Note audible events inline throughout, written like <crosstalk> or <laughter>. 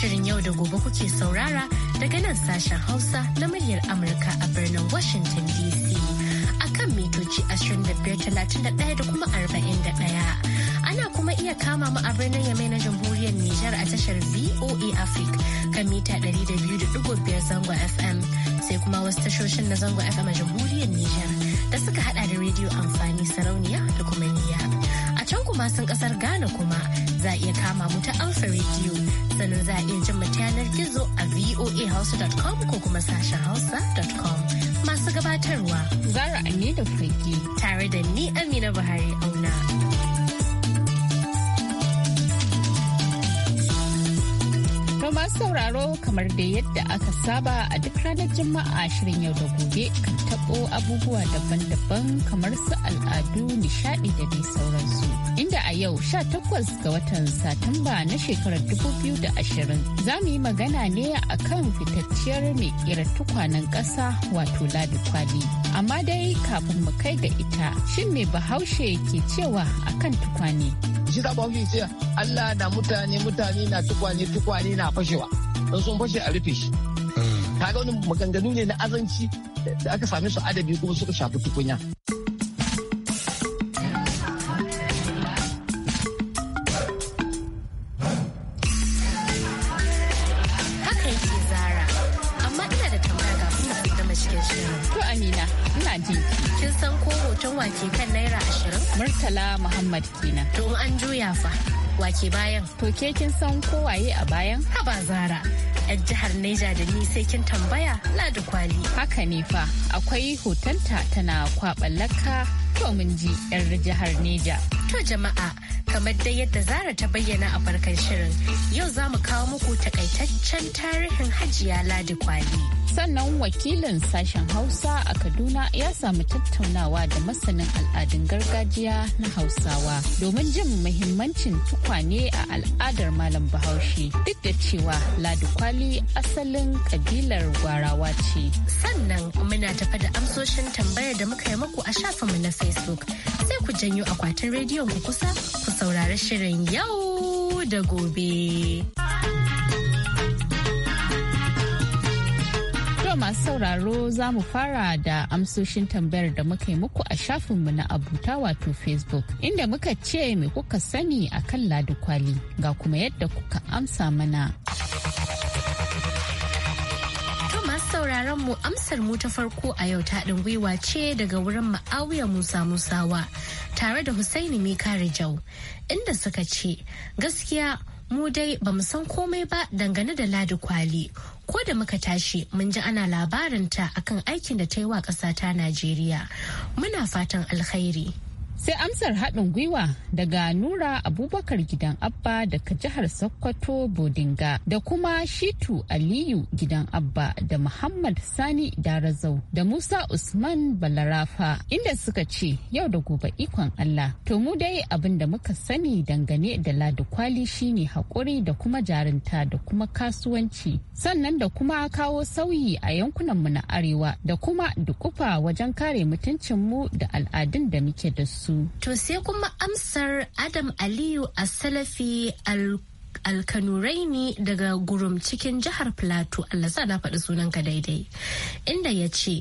Shirin yau da gobe kuke saurara daga nan sashen Hausa na muryar Amurka a birnin Washington DC. A kan mitoci 25,31 da kuma 41. Ana kuma iya kama mu a birnin Yamai na Jamhuriyar Nijar a tashar VOA Africa kan mita 200.5 zango FM. Sai kuma wasu tashoshin na zango FM a Jamhuriyar Nijar da suka hada da rediyo amfani sarauniya da kuma niya. A can kuma sun kasar Ghana kuma za a iya kama mu ta Alfa Radio sannan za a iya jin yanar gizo a voahausa.com ko kuma sashen hausa.com. Masu gabatarwa Zara Aminu Fage tare da ni Amina Buhari Auna. ma sauraro kamar da yadda aka saba a duk ranar Juma'a shirin yau da gobe kan tabo abubuwa daban-daban kamar su al'adu, nishaɗi da dai sauransu. Inda a yau sha takwas ga watan Satumba na shekarar dubu biyu 2020 za mu yi magana ne a kan fitacciyar mai kira tukwanen ƙasa wato ladi kwali. Amma dai kafin mu kai ga ita, shin mai bahaushe ke cewa akan tukwane? shi zaɓa wani ce Allah na mutane mutane na tukwane tukwane na fashewa don sun fashe a rufe shi mm. kaga wani maganganu ne na azanci da aka same su adabi kuma suka shafi tukunya. nawa ke kan naira ashirin? Murtala Muhammad kenan. To an juya fa wake bayan. To ke kin san kowaye a bayan? Haba Zara. Yan jihar Neja da ni sai kin tambaya ladi kwali. Haka ne fa akwai hotonta tana kwaɓa laka to mun ji 'yar jihar Neja. To jama'a kamar dai yadda zara ta bayyana a farkon shirin yau za mu kawo muku takaitaccen tarihin hajiya ladi kwali sannan wakilin sashen hausa a kaduna ya samu tattaunawa da masanin al'adun gargajiya na hausawa domin jin muhimmancin tukwane a al'adar malam bahaushe duk da cewa ladi kwali asalin kabilar gwarawa ce sannan muna tafa da amsoshin tambayar da muka yi muku a shafinmu na facebook sai ku janyo akwatin rediyon ku kusa saurari shirin yau da gobe. Yau masu sauraro za mu fara da amsoshin tambayar da muka yi muku a shafinmu na abuta wato Facebook inda muka ce me kuka sani akan ladi kwali ga kuma yadda kuka amsa mana. mu amsar mu ta farko a yau ta ɗin gwiwa ce daga wurin ma'awiya Musa Musawa tare da Husaini Mika Rijau inda suka ce gaskiya mu dai ba mu san komai ba dangane da ladi kwali ko da muka tashi mun ji ana labarinta akan aikin da ta yi wa ƙasa ta najeriya muna fatan alkhairi sai amsar haɗin gwiwa daga nura abubakar gidan abba daga jihar sokoto bodinga da kuma shitu aliyu gidan abba da muhammad sani darazau da musa usman balarafa inda suka ce yau da gobe ikon allah to mu dai abin da muka sani dangane da ladukwali shine haƙuri da kuma jarinta da kuma kasuwanci sannan da kuma kawo sauyi a yankunan mu na arewa da kuma dukufa wajen kare mutuncin mu da al'adun da muke da su su. To sai kuma amsar Adam Aliyu a Salafi al alkanuraini daga gurum cikin jihar plateau allah sa na faɗi sunanka daidai inda ya ce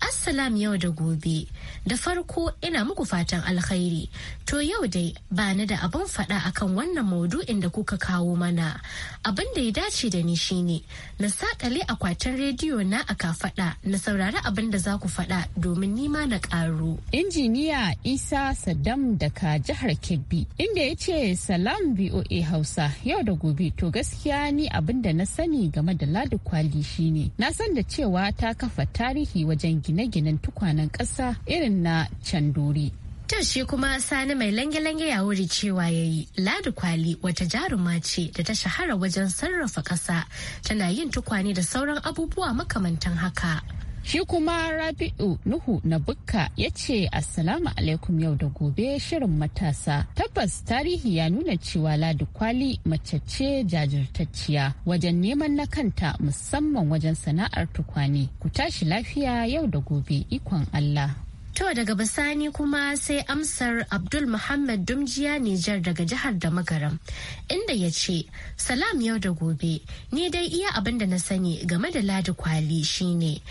Assalam yau da gobe. Da farko ina muku fatan alkhairi. To yau dai ba ni da abin faɗa akan wannan maudu'in da kuka kawo mana. Abin da ya dace da ni shine na saƙale akwatin rediyo na aka kafaɗa na saurari abin da za ku faɗa domin nima na ƙaru. Injiniya Isa Saddam daga jihar Kebbi inda ya ce salam BOA Hausa yau da gobe to gaskiya ni abin da na sani game da Ladi Kwali shine na san da cewa ta kafa tarihi wajen gine-ginen tukwanen ƙasa irin na candori. Tun shi kuma sani mai lange-lange ya wuri cewa ya yi ladu kwali wata jaruma ce da ta shahara wajen sarrafa ƙasa tana yin tukwane da sauran abubuwa makamantan haka. Shi kuma Rabi'u Nuhu na Bukka ya ce Assalamu alaikum yau da gobe shirin matasa. Tabbas tarihi ya nuna cewa Ladi Kwali mace ce jajirtacciya wajen neman na kanta musamman wajen sana'ar tukwane. Ku tashi lafiya yau da gobe ikon Allah. To daga bisani kuma sai amsar Abdul Muhammad Dumjiya Nijar daga jihar da magaram inda ya ce, Salam yau da gobe, ni dai iya abin da na sani game da ladi kwali shine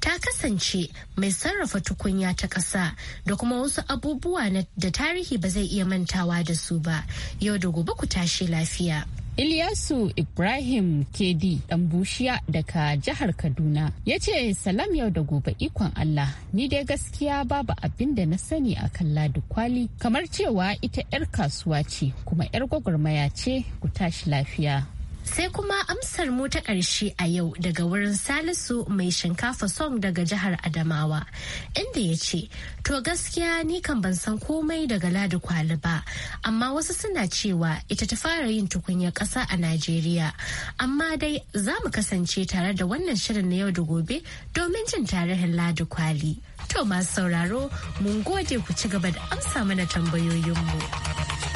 ta kasance mai sarrafa tukunya ta ƙasa da kuma wasu abubuwa da tarihi ba zai iya mantawa da su ba yau da gobe ku tashi lafiya. Ilyasu Ibrahim Kedi ɗan bushiya daga jihar Kaduna ya ce salam yau da gobe ikon Allah ni dai gaskiya babu abin da na sani a kan ladu kwali kamar cewa ita 'yar kasuwa ce kuma 'yar gwagwarmaya ce ku tashi lafiya. Sai kuma amsar mu ta ƙarshe a yau daga wurin Salisu mai shinkafa song daga jihar Adamawa, inda ya ce, To gaskiya ni kan ban san komai daga ladi kwali ba, amma wasu suna cewa ita ta fara yin tukunyar ƙasa a Najeriya. Amma dai za mu kasance tare da wannan shirin na yau da gobe domin jin tarihin ladi kwali. To masu sauraro, mun gode ku ci gaba da amsa mana tambayoyinmu.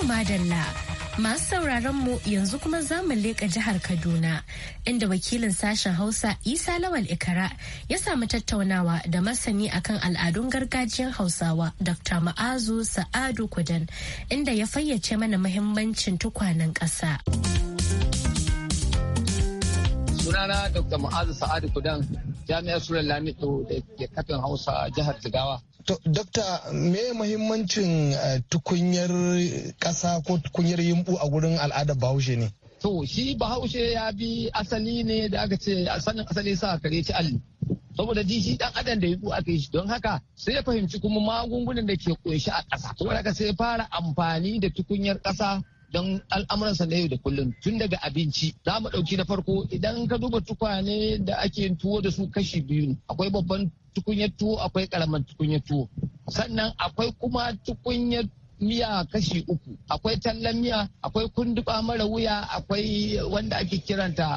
To madalla. Masu sauraron mu yanzu kuma za mu leƙa jihar Kaduna inda wakilin sashen Hausa Isa Lawal Ikara ya samu tattaunawa da masani akan al'adun gargajiyar Hausawa Dr. Ma'azu Sa'adu Kudan inda ya fayyace mana muhimmancin tukwanen ƙasa. sunana dr ma'azu sa'adu kudan jami'ar suran lamido da ke katin hausa jihar jigawa To, me muhimmancin eh, tukunyar ƙasa ko tukunyar yimbu a gurin al'adar Bahaushe ne? To, shi Bahaushe ya bi asali ne da aka ce sanin asali sa kare ci alli. Saboda ji shi dan adam da yimbu aka yi shi don haka sai ya fahimci kuma magungunan da ke kunshi a ƙasa. Saboda ka sai fara amfani da tukunyar ƙasa don al'amuransa na yau da kullum tun daga abinci za mu ɗauki na farko idan ka duba tukwane da ake tuwo da su kashi biyu akwai babban tukunyar tuwo akwai karamar tukunyar tuwo sannan akwai kuma tukunyar miya kashi uku akwai tallan miya akwai kunduba mara wuya akwai wanda ake kiranta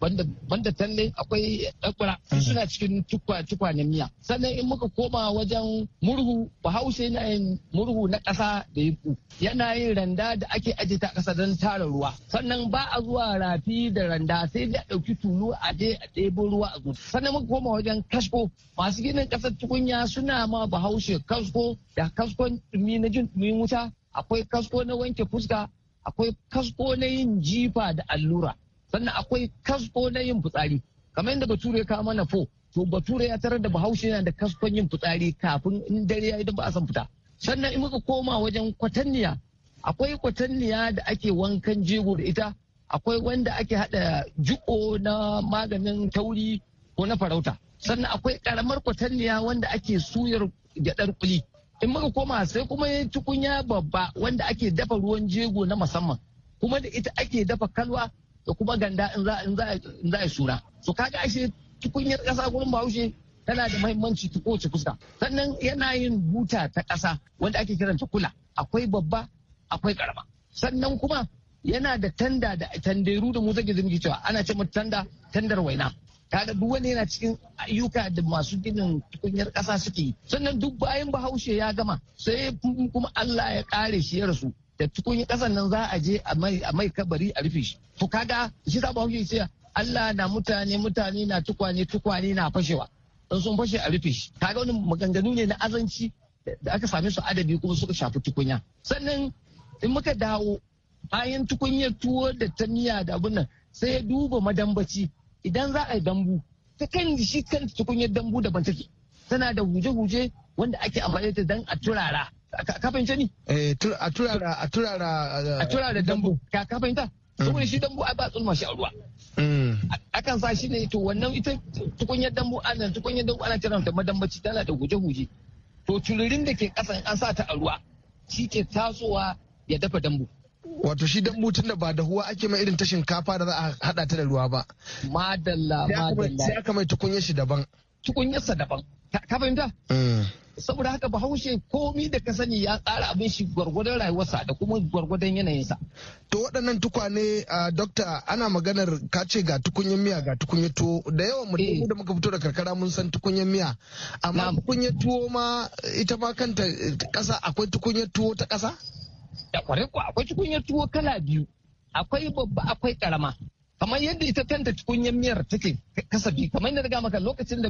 banda talle akwai ɗakwara mm-hmm. suna cikin tukwa na miya sannan in muka koma wajen murhu bahaushe na yin murhu na ƙasa da yiku yana yin randa da ake aje ta ƙasa don tara ruwa sannan ba a zuwa rafi da randa sai da ɗauki tulu a je a ɗebo ruwa a gudu sannan muka koma wajen kasko masu ginin ƙasar tukunya suna ma bahaushe kasko da kaskon ɗumi na jin min wuta akwai kasko na wanke fuska akwai kasko na yin jifa da allura sannan akwai kasko na yin fitsari kamar yadda bature ka mana fo to bature ya tarar da bahaushe yana da kaskon yin fitsari kafin in dare ya idan ba a san fita sannan in muka koma wajen kwatanniya akwai kwatanniya da ake wankan jego da ita akwai wanda ake haɗa jiko na maganin tauri ko na farauta sannan akwai karamar kwatanniya wanda ake suyar gyadar kuli in muka koma sai kuma ya tukunya babba wanda ake dafa ruwan jego na musamman kuma da ita ake dafa kalwa da kuma ganda in za in a sura so kaga ashe tukunyar kasa gurin bahaushe tana da mahimmanci ta kowace fuska sannan yana yin buta ta kasa wanda ake kiranta kula akwai babba akwai karama sannan kuma yana da tanda da tanderu da mu zage zirgi cewa ana ce mu tanda tandar waina kaga duk wani yana cikin ayyuka da masu ginin tukunyar kasa suke yi sannan duk bayan bahaushe ya gama sai kuma Allah ya kare shi ya rasu da tukunyar ƙasan nan za a je a mai kabari a rufe shi to kaga shi sa bahaushe ce Allah na mutane mutane na tukwane tukwane na fashewa in sun fashe a rufe shi kaga wani maganganu ne na azanci da aka same su adabi kuma suka shafi tukunya sannan in muka dawo bayan tukunyar tuwo da ta miya da abin nan sai ya duba madambaci idan za a yi dambu ta kan shi kan tukunyar dambu da ban take tana da huje-huje wanda ake amfani da dan a turara ka fahimce ni eh, a turara a turara a turara dambu ka ka fahimta mm. saboda shi dambu a ba tsulma shi a ruwa mm. akan sa shi ne to wannan ita tukunyar dambu ana tukunyar dambu ana tana da madambaci tana da huje-huje to tururin da ke kasan an sa ta a ruwa shi ke tasowa ya dafa dambu wato shi dan mutun da ba da huwa ake mai irin ta shinkafa da za a hada ta da ruwa ba madalla madalla sai aka mai tukunyar shi daban tukunyar sa daban ka fahimta mm. saboda haka bahaushe komi da ka sani ya tsara abin shi gwargwadon rayuwarsa da kuma gwargwadon yanayinsa. To waɗannan tukwane a dokta ana maganar ka ce ga tukunyen miya ga tukunyen tuwo da yawan eh. mu da muka fito da karkara mun san tukunyen miya amma tukunyen tuwo ma ita ma kanta eh, ƙasa akwai tukunyen tuwo ta ƙasa? da kwarai akwai tukunyar tuwo kala biyu akwai babba akwai karama kamar yadda ita kanta tukunyar miyar take kasafi kamar yadda daga maka lokacin da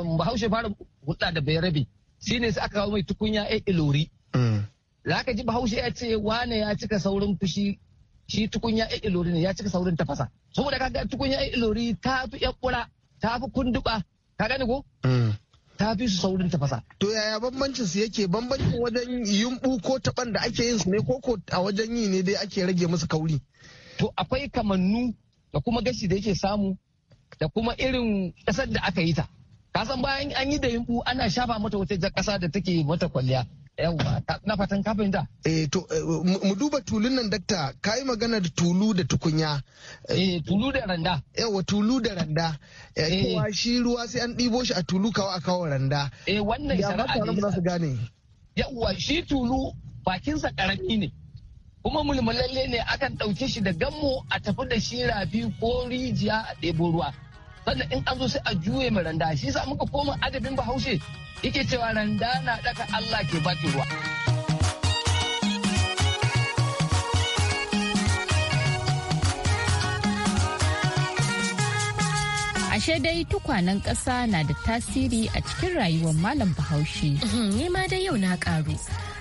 um, bahaushe fara hulɗa da bayarabe shine su aka kawo mai tukunya a ilori mm. za ka ji bahaushe ya ce wane ya cika saurin fushi shi tukunya a ilori ne ya cika saurin tafasa saboda kaga tukunya a ilori ta fi yakura ta fi kunduba ka gani ko mm. ta fi su saurin tafasa. To yaya bambancin su yake bambancin wajen yumbu ko taban da ake yin su ne koko a wajen yi ne dai ake rage musu kauri. To akwai kamannu da kuma gashi da yake samu da kuma irin kasar da aka yi ta. Kasan bayan an yi da yumbu ana shafa mata wata ƙasa da take mata kwalliya. yawa na fatan ka eh to eh, mu duba tulun nan dakta kai maganar tulu da tukunya eh, eh tulu da randa yawa tulu da randa eh, kowa shi ruwa sai an ɗibo shi a tulu kawo a kawo randa eh wannan sana'a ne za su gane yawa shi tulu bakinsa karami ne kuma mulmulalle ne akan ɗauke shi da gammo a tafi da shi rafi ko rijiya a ɗebo ruwa sannan in an zo sai a juye mai randa shi sa muka koma adabin bahaushe yake cewa randa na daka Allah ke baki ruwa. ashe dai tukwanen ƙasa na da tasiri a cikin rayuwar malam bahaushe. Uhm, ne ma dai yau na ƙaru.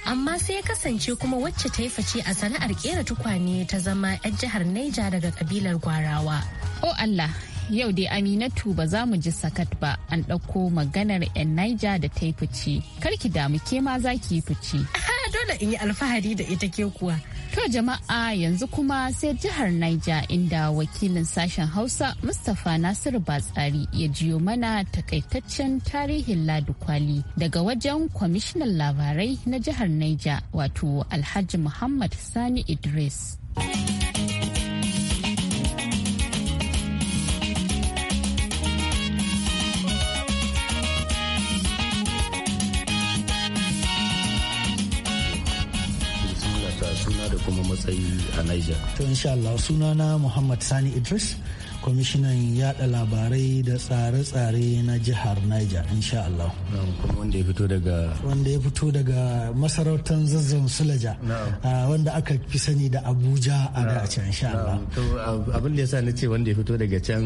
Amma sai ya kasance kuma wacce ta yi fice a sana'ar ƙera tukwane ta zama 'yar jihar Neja daga kabilar Gwarawa. O oh Allah, yau dai aminatu ba za mu ji sakat ba an ɗauko maganar 'yan naija da ta yi fice ki damu ke ma za ki yi fice <laughs> dole in yi alfahari da ita ke kuwa to jama'a yanzu kuma sai jihar naija inda wakilin sashen hausa mustapha nasiru batsari ya jiyo mana takaitaccen tarihin Kwali daga wajen kwamishinan labarai na jihar naija wato alhaji muhammad sani idris matsayi a Niger. To insha Allah sunana Muhammad Sani Idris kwamishinan yada labarai da tsare-tsare na jihar niger insha Allah. wanda ya fito daga wanda ya fito daga masarautar zazzan sulaja wanda aka fi sani da abuja a da can insha Allah. abin da ya sa na ce wanda ya fito daga can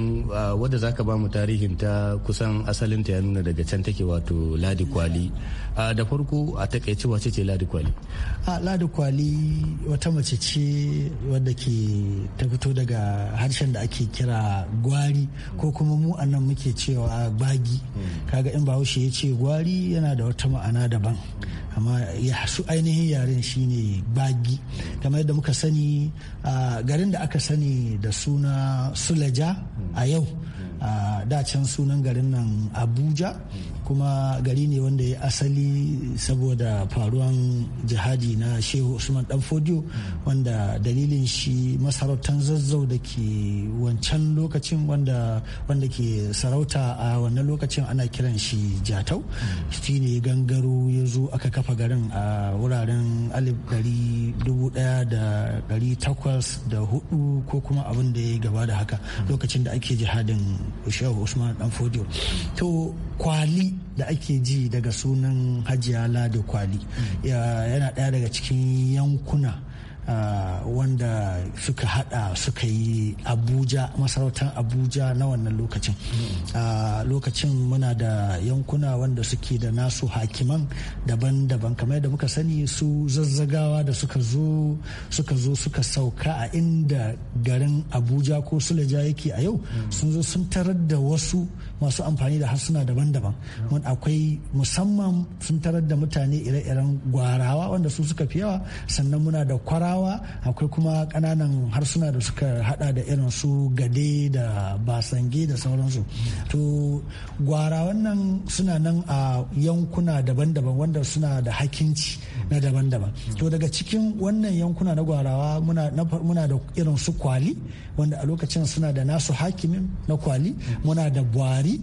wadda za ka ba mu tarihin ta kusan asalin ta ya nuna daga can take wato ladi kwali da farko a takaice wace ce ladi kwali ladi kwali wata mace ce wadda ke ta fito daga harshen da ake kira gwari ko kuma mu a nan muke cewa gbagi kaga in bahaushe ya ce gwari yana da wata ma'ana daban amma ya su ainihin yaren shine gbagi kamar yadda muka sani garin da aka sani da suna sulaja a yau da can sunan garin nan abuja kuma gari ne wanda ya asali saboda faruwan jihadi na shehu usman dan fodiyo wanda dalilin shi masarautar zazzau da ke wancan lokacin wanda ke sarauta a wannan lokacin ana kiran shi jatau shi ne gangaro ya zo aka kafa garin a wuraren alif dari dubu daya da dari takwas da hudu ko kuma abin da ya gaba da haka lokacin da ake jihadin shehu usman dan fodiyo to kwali da ake ji daga sunan hajiya ladi kwali yana daya daga cikin yankuna wanda suka hada suka yi abuja masarautar abuja na wannan lokacin mm. lokacin muna da yankuna wanda suke da nasu hakiman daban-daban kamar da muka sani su zazzagawa da suka zo suka sauka a inda garin abuja ko sulaja yake a yau mm. sun zo sun tarar da wasu masu amfani da harsuna daban-daban mm. akwai musamman sun tarar da mutane ire-iren gwarawa wanda su suka fi yawa sannan muna da kwara nasarawa akwai kuma kananan harsuna da suka hada da irin su gade da basange da sauransu to gwara wannan suna nan a yankuna daban-daban wanda suna da hakinci na daban-daban to daga cikin wannan yankuna na gwarawa muna da irin su kwali wanda a lokacin suna da nasu hakimin na kwali muna da buhari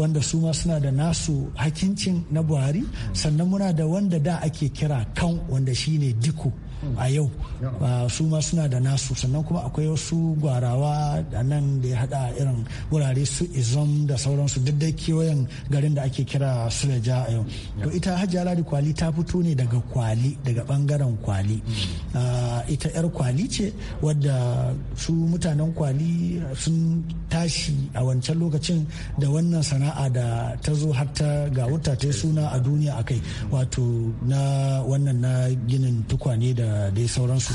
wanda su ma suna da nasu hakincin na buhari sannan muna da wanda da ake kira kan wanda shine diko a yau su ma suna da nasu sannan kuma akwai wasu gwarawa da nan da ya hada irin wurare su izom da sauransu duk da kewayen garin da ake kira suleja a yau to ita hajji ladi kwali ta fito ne daga kwali daga bangaren kwali hmm. ita yar kwali ce wadda su mutanen kwali sun tashi a wancan lokacin da wannan sana'a da ta zo har ta ga wuta ta suna a duniya akai wato na wannan na ginin tukwane da dai sauransu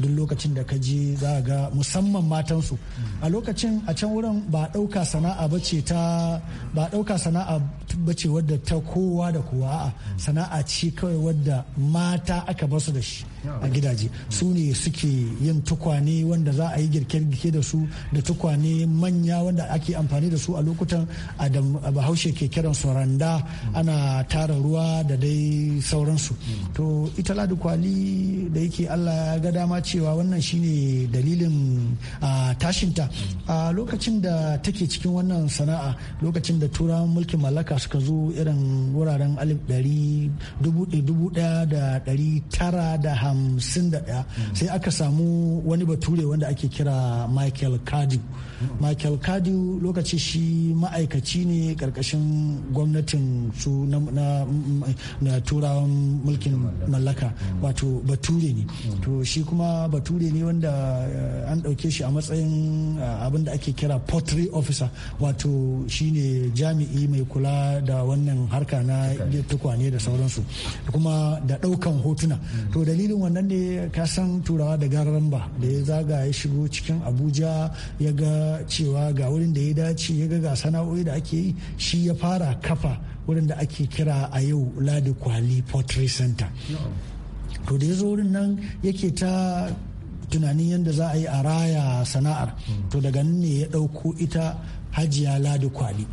duk lokacin da ka je za ga musamman matansu a lokacin a can wurin ba ɗauka sana'a ba ce ta ba ɗauka sana'a ba ce wadda ta kowa da kowa a sana'a ce kawai wadda mata aka basu da shi a gidaje su ne suke yin tukwane wanda za a yi girke-girke da su da tukwane manya wanda ake amfani da su a lokutan a bahaushe ke kiran randa ana tara ruwa da dai sauransu to ita ladu kwali da yake allah ya ga dama cewa wannan shine dalilin tashinta a lokacin da take cikin wannan sana'a lokacin da turawan mulkin mallaka suka zo irin wuraren alif ɗari da ɗari da hamsin da sai aka samu wani bature wanda ake kira michael cardew michael cardew lokaci shi ma'aikaci ne karkashin gwamnatin su na turawan mulkin mallaka wato bature ne to shi kuma bature ne wanda eh, an dauke shi a matsayin eh, abin da ake kira pottery officer wato shine jami'i mai kula da wannan harka na tukwane da sauransu kuma da daukan hotuna to dalilin wannan ne ka san turawa da garan ba da ya zaga ya shigo cikin abuja ya ga cewa ga wurin da ya dace ya ga ga sana'o'i da ake yi shi ya fara kafa wurin da ake kira a yau ladi kwali pottery center to da ya zo wurin nan yake ta tunanin yadda za a yi a raya sana'ar to daga nan ne ya ɗauko ita hajiya ladi kwali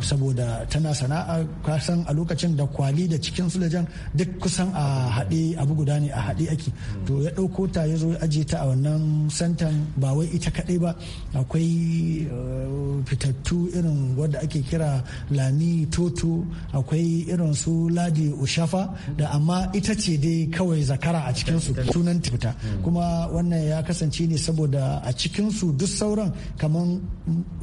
saboda tana sana'a kasan a lokacin da kwali da cikin sulajan duk kusan a haɗe abu guda ne a haɗe ake to ya ɗauko ta ya zo aje ta a wannan santan ba wai ita kaɗai ba akwai uh, fitattu irin wadda ake kira lami toto akwai irin su ladi ushafa da amma ita ce dai kawai zakara a cikin Su sunan tuta kuma wannan ya kasance ne saboda a cikin su duk sauran kamar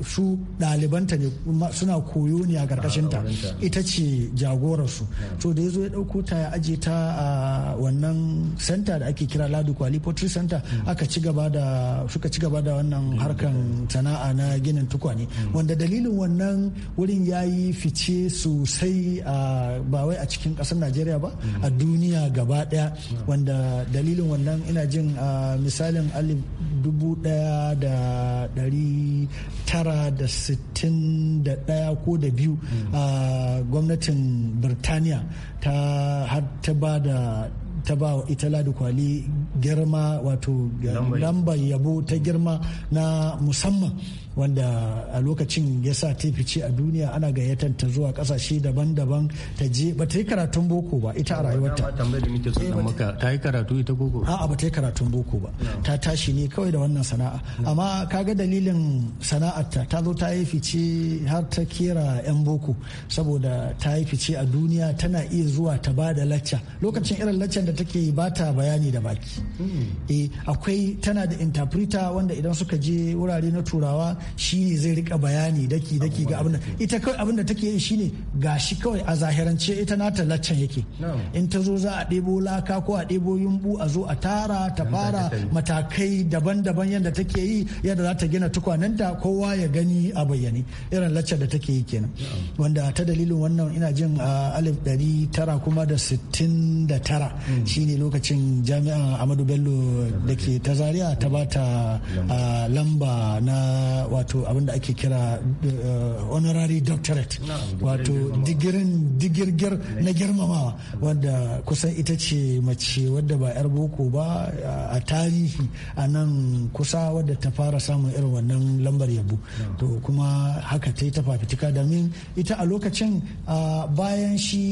su ɗalibanta ne suna koyo ne a ta ita ce jagorarsu to da ya zo ya ɗauko ta ya aje ta a wannan center da ake kira ladu kwali pottery center mm. aka ci gaba da suka ci gaba da wannan harkan sana'a na ginin tukwane mm. wanda dalilin wannan wurin ya yi fice sosai ba wai a cikin ƙasar najeriya ba mm. a duniya gaba ɗaya wanda dalilin wannan ina jin misalin alif 1961 ko da biyu mm. a gwamnatin birtaniya ta ba da ta ba wa ita da kwali girma wato lambar yabo ta girma na musamman wanda a lokacin ya sa ta fice a duniya ana gayyatar ta zuwa kasashe daban-daban ta je ba ta yi karatun boko ba ita a rayuwarta eh, ta yi karatu ita boko a'a ba ta yi karatun boko ba ta tashi ne kawai da wannan sana'a amma ka ga dalilin sana'arta ta zo ta yi fice har ta kera 'yan boko saboda ta yi fice a duniya tana iya zuwa ta ba da lacca lokacin irin laccan da take yi ba ta bayani da baki hmm. eh, akwai tana da interpreter wanda idan suka je wurare na turawa Shi ne zai rika bayani daki daki ga abin ita kawai abin da take yi shine gashi kawai a zahirance ita nata laccan yake in ta zo za a ɗebo laka ko a ɗebo yumbu a zo a tara ta fara matakai daban-daban yadda take yi yadda za ta gina ta kowa ya gani a bayyane irin laccar da take yi kenan wanda ta dalilin wannan ina jin a alif dari tara kuma da sittin da tara mm. shine lokacin jami'an amadu bello da ke ta Zariya ta ba ta lamba na wato abin da ake kira uh, honorary doctorate wato digirin digirgir na girmamawa wanda kusan ita ce mace wadda ba 'yar boko ba uh, a tarihi a nan kusa wadda ta fara samun irin wannan lambar yabo to kuma haka ta yi ta fafitika domin ita a lokacin uh, bayan shi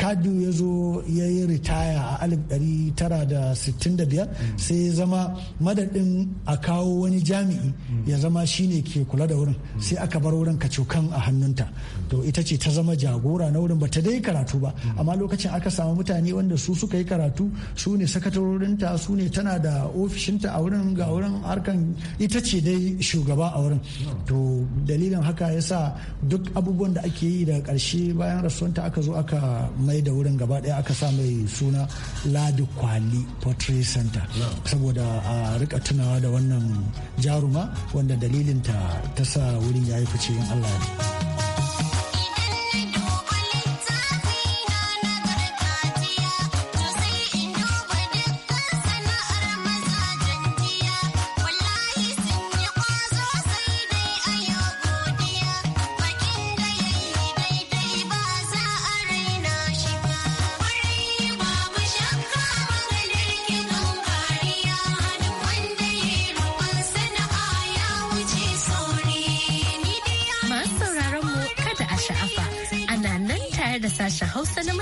kadu ya zo ya yi ritaya a 1965 mm. sai zama madadin a kawo wani jami'i mm. ya zama shine ke kula da wurin sai aka bar wurin kacokan a hannunta to ita ce ta zama jagora na wurin bata dai karatu ba amma lokacin aka samu mutane wanda su suka yi karatu su ne sakatarorinta su ne tana da ofishinta a wurin ga wurin harkan ita ce dai shugaba a wurin to dalilin haka yasa duk abubuwan da ake yi da karshe bayan rasuwanta aka zo aka mai da wurin gaba daya aka sa mai suna ladi kwali pottery center saboda a rika tunawa da wannan jaruma wanda da dalilinta ta sa wurin ya yi fice in Allah ne.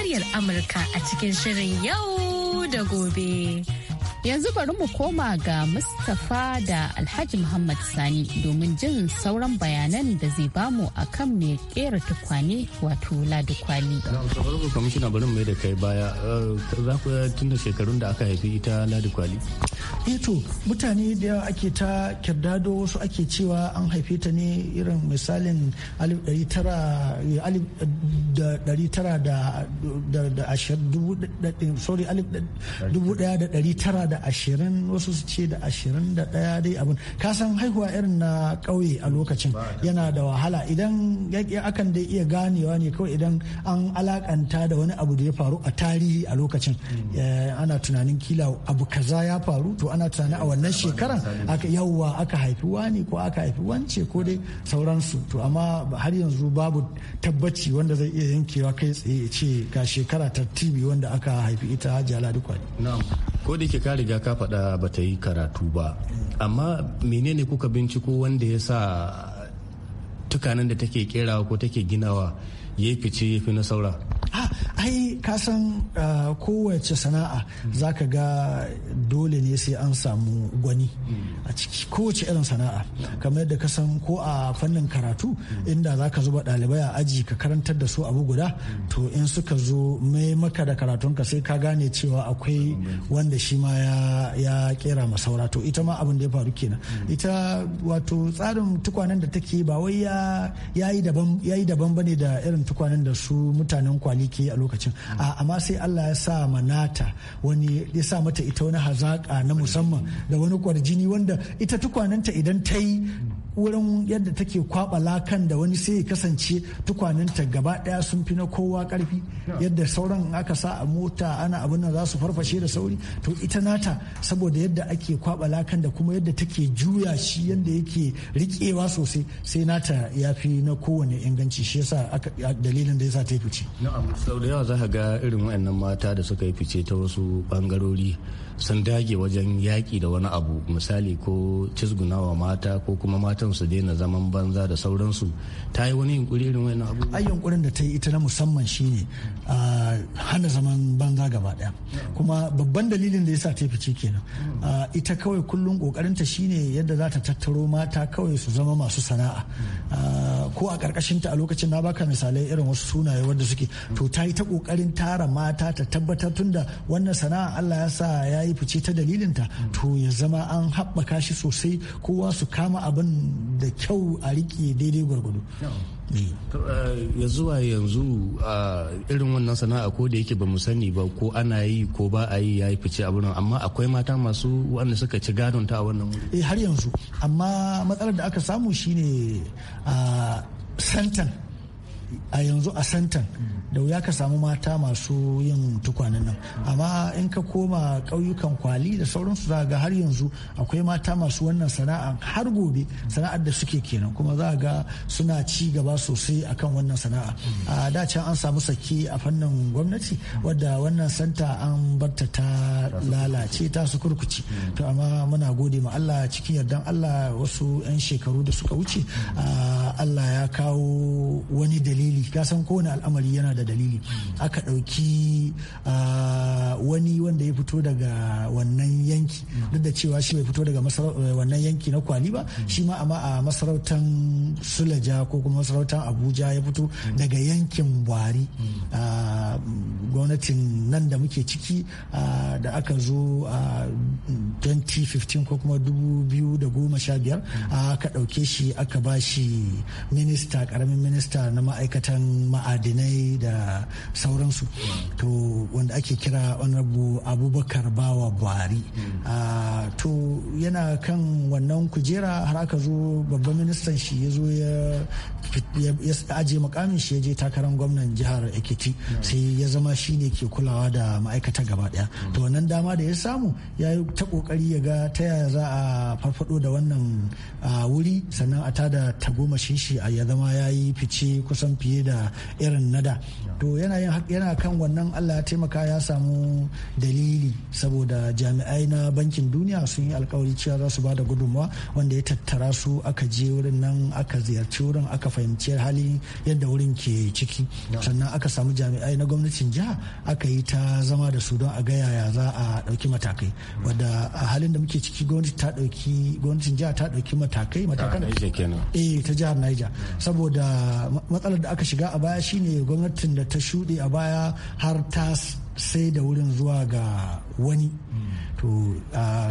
muryar Amurka a cikin shirin yau da gobe. Yanzu bari mu koma ga Mustapha da Alhaji Muhammad Sani domin jin sauran bayanan da zai bamu a kan mai kera tukwane wato ladu kwali. Kwamishina bari mai da kai baya eh, za ku tun da shekarun da aka haifi ita ladu kwali? eto eh mutane da yawa ake ta kirdado wasu ake cewa an haife ta ne irin misalin 1920 wasu su ce da 21 dai abin kasan haihuwa irin na ƙauye a lokacin yana da wahala idan akan dai iya ganewa ne kawai idan an alakanta da wani abu da ya faru a tarihi a lokacin hmm. eh, ana tunanin kila abu kaza ya faru to ana tunani a wannan shekaran aka yawwa aka haifi wani ko aka haifi wance ko dai sauransu to amma har yanzu babu tabbaci wanda zai iya yankewa kai tsaye ce ga shekara tartibi wanda aka haifi ita hajji aladu kwari ko da ke ka riga ka faɗa ba ta yi karatu ba amma menene kuka binciko wanda ya sa tukanan da take kerawa ko take ginawa ya fice ya fi na saura Ah, ai ka san ah, kowace sana'a za ka ga dole ne sai an samu gwani a ciki kowace irin sana'a kamar yadda ka san ko a fannin karatu inda za ka zuba ɗalibai a aji ka karantar da su abu guda to in suka zo mai maka da karatunka sai ka gane cewa akwai wanda shi ma ya kera masaura to ita ma abin da ya faru kenan ita wato tsarin tukwanen da take ba wai ya yi daban bane da irin tukwanen da su mutanen kwali amfani ke a lokacin amma sai Allah ya sa manata wani ya sa mata ita wani hazaƙa na musamman da wani kwarjini wanda ita ta idan ta yi wurin yadda take kwaba lakan da wani sai ya kasance tukwanenta gaba daya sun fi na kowa karfi yadda sauran aka sa a mota ana abin nan za su farfashe da sauri to ita nata saboda yadda ake kwaba lakan da kuma yadda take juya shi yadda yake rikewa sosai sai nata ya fi na kowane inganci shi yasa dalilin da yasa ta yi fice. Na'am sau da yawa za ka ga irin waɗannan mata da suka yi fice ta wasu bangarori sun dage wajen yaƙi da wani abu misali ko cizgunawa mata ko kuma matan su daina zaman banza da sauransu ta yi wani yunkuri irin wani abu ai yunkurin da ta yi ita na musamman shine hana zaman banza gaba daya kuma babban dalilin da yasa ta fice kenan ita kawai kullum ta shine yadda za ta tattaro mata kawai su zama masu sana'a ko a karkashin ta a lokacin na baka misalai irin wasu sunaye wanda suke to ta yi ta kokarin tara mata ta tabbatar tunda wannan sana'a Allah ya sa ya yi fice ta dalilinta to ya zama an haɓaka shi sosai kowa su kama abin da kyau a riƙe daidai gwargwado eh, ya zuwa yanzu a irin wannan sana'a ko da yake ba sani ba ko ana yi ko ba a yi ya yi fice a wurin amma akwai mata masu wanda suka ci gadon ta a wannan wuri eh, har yanzu amma matsalar da aka samu shine a santan a yanzu a santan da wuya ka samu mata masu yin tukwanen nan amma in ka koma ƙauyukan kwali da sauransu za ga har yanzu akwai mata masu wannan sana'a har gobe sana'ar da suke kenan kuma za ga suna ci gaba sosai akan wannan sana'a a da can an samu sake a fannin gwamnati wadda wannan santa an barta ta lalace ta su kurkuci to amma muna gode ma Allah cikin yardan Allah wasu 'yan shekaru da suka wuce a Allah ya kawo wani dalili ya san kowane al'amari yana da dalili aka ɗauki ah, wani wanda ya fito daga wannan yanki duk da cewa shi bai fito daga eh, wannan yanki na kwali ba shi ma amma a masarautan sulaja ko kuma masarautan abuja ya fito daga yankin buhari ah, gwamnatin nan da muke ciki ah, da aka zo a 2015 ko kuma 2015 aka ɗauke shi aka ba shi minista karamin minista na ma'aikatan ma'adinai da sauransu to wanda ake kira honorable abubakar bawa buhari hmm. ah, to yana kan wannan kujera har aka zo babban ministan shi ya zo ya aje makamin shi ya je takarar gwamnan jihar ekiti hmm. sai ya zama shi ne ke kulawa da ma'aikata gaba daya hmm. to wannan dama da ya samu ya yi ta kokari ya ga ta yaya za a farfado da wannan ah, wuri sannan a tada tagomashin shi a ya zama ya yi fice kusan fiye da irin nada to yana yana kan wannan allah ya taimaka ya samu dalili saboda jami'ai na bankin duniya sun yi alkawari cewa za su ba da gudunmawa wanda ya tattara su aka je wurin nan aka ziyarci wurin aka fahimci hali yadda wurin ke ciki sannan aka samu jami'ai na gwamnatin jiha aka yi ta zama da su don a ga yaya za a ɗauki matakai wadda a halin da muke ciki gwamnati ta gwamnatin jiha ta ɗauki matakai matakan eh, ta Niger saboda matsalar da aka shiga a baya shine gwamnatin da ta shuɗe a baya har ta sai da wurin zuwa ga wani hmm. to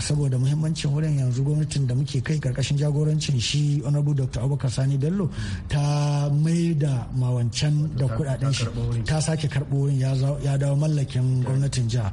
saboda muhimmancin wurin yanzu gwamnatin da muke kai karkashin jagorancin shi honorable dr abubakar sani bello ta mai da mawancan da kudaden shi ta sake karbo wurin ya dawo mallakin gwamnatin jiha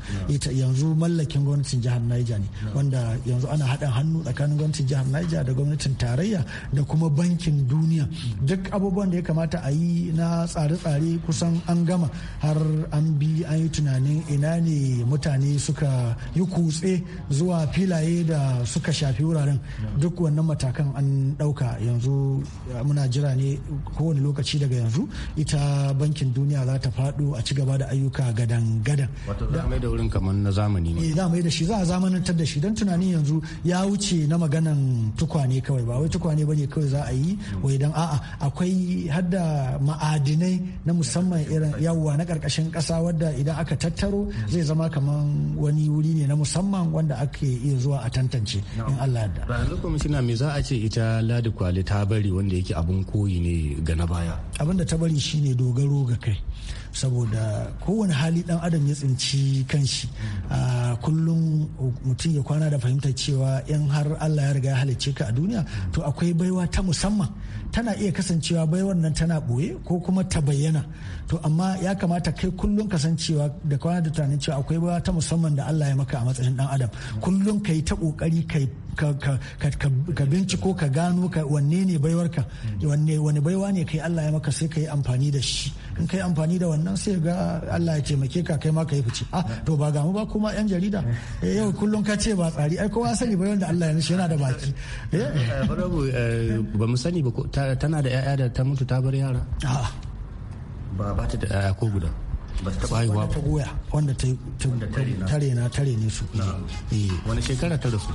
yanzu mallakin gwamnatin jihar niger ne wanda yanzu ana haɗa hannu tsakanin gwamnatin jihar niger da gwamnatin tarayya da kuma bankin duniya duk abubuwan da ya kamata a yi na tsare-tsare kusan an gama har an bi an yi tunanin ina ne mutane suka yi kutse dutse zuwa filaye da suka shafi wuraren duk wannan matakan an ɗauka yanzu muna jira ne kowane lokaci daga yanzu ita bankin duniya za ta faɗo a ci gaba da ayyuka gadan gadan Wata za da wurin kamar na zamani ne eh, za shi za a zamanantar da shi don tunanin yanzu ya wuce na maganan tukwane kawai ba wai tukwane bane kawai za a yi wai dan a'a akwai hadda ma'adinai na musamman irin yawwa na karkashin ƙasa wadda idan aka tattaro zai zama kamar wani wuri ne na musamman musamman wanda ake iya zuwa a tantance in Allah da. Ranar kwamishina me za a ce ita Ladi Kwale ta bari wanda yake abun koyi ne ga na baya. Abin da ta bari shi ne dogaro ga kai saboda kowane hali dan adam ya tsinci kanshi. Uh, a kullum mutum ya kwana da fahimtar cewa in har Allah ya riga ya halicce ka a duniya to akwai baiwa ta musamman tana iya kasancewa baiwar nan tana boye ko kuma ta bayyana to amma ya kamata kai kullum kasancewa da kwana da tunanin cewa akwai baiwa ta musamman da Allah ya maka a matsayin dan adam kullum kai ta kokari kai ka binciko ka gano ka wanne ne baiwarka wanne wani baiwa ne kai Allah ya maka sai ka yi amfani da shi in ka yi amfani da wannan sai ga Allah ya taimake ka kai ma ka yi fice ah to ba gamu ba kuma yan jarida eh, yau kullum ka ce ba tsari ai kowa sani ba da Allah ya nishi yana da baki eh? Eh, ba mu sani ba tana da 'ya'ya da ta mutu ta bar yara ah. ba ba ta da 'ya'ya ko guda ba ta goya wanda ta tare na tare ne su wani shekara ta rasu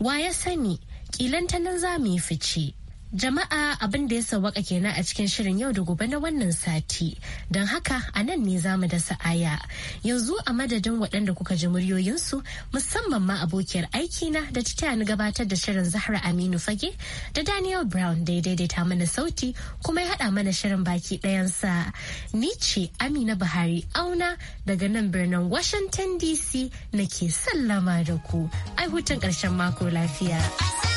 wa ya sani kilanta nan za mu yi fice Jama'a abin da ya sauwaka kenan a cikin shirin yau da gobe na wannan sati. Don haka a nan ne za mu dasa aya. Yanzu a madadin waɗanda kuka ji muryoyinsu musamman ma abokiyar na da ta ni gabatar da shirin Zahra Aminu Fage da Daniel Brown da ya daidaita mana sauti kuma ya haɗa mana shirin baki ɗayansa. Ni ce Amina Buhari auna daga nan birnin Washington DC nake sallama da ku. Ai hutun ƙarshen mako lafiya.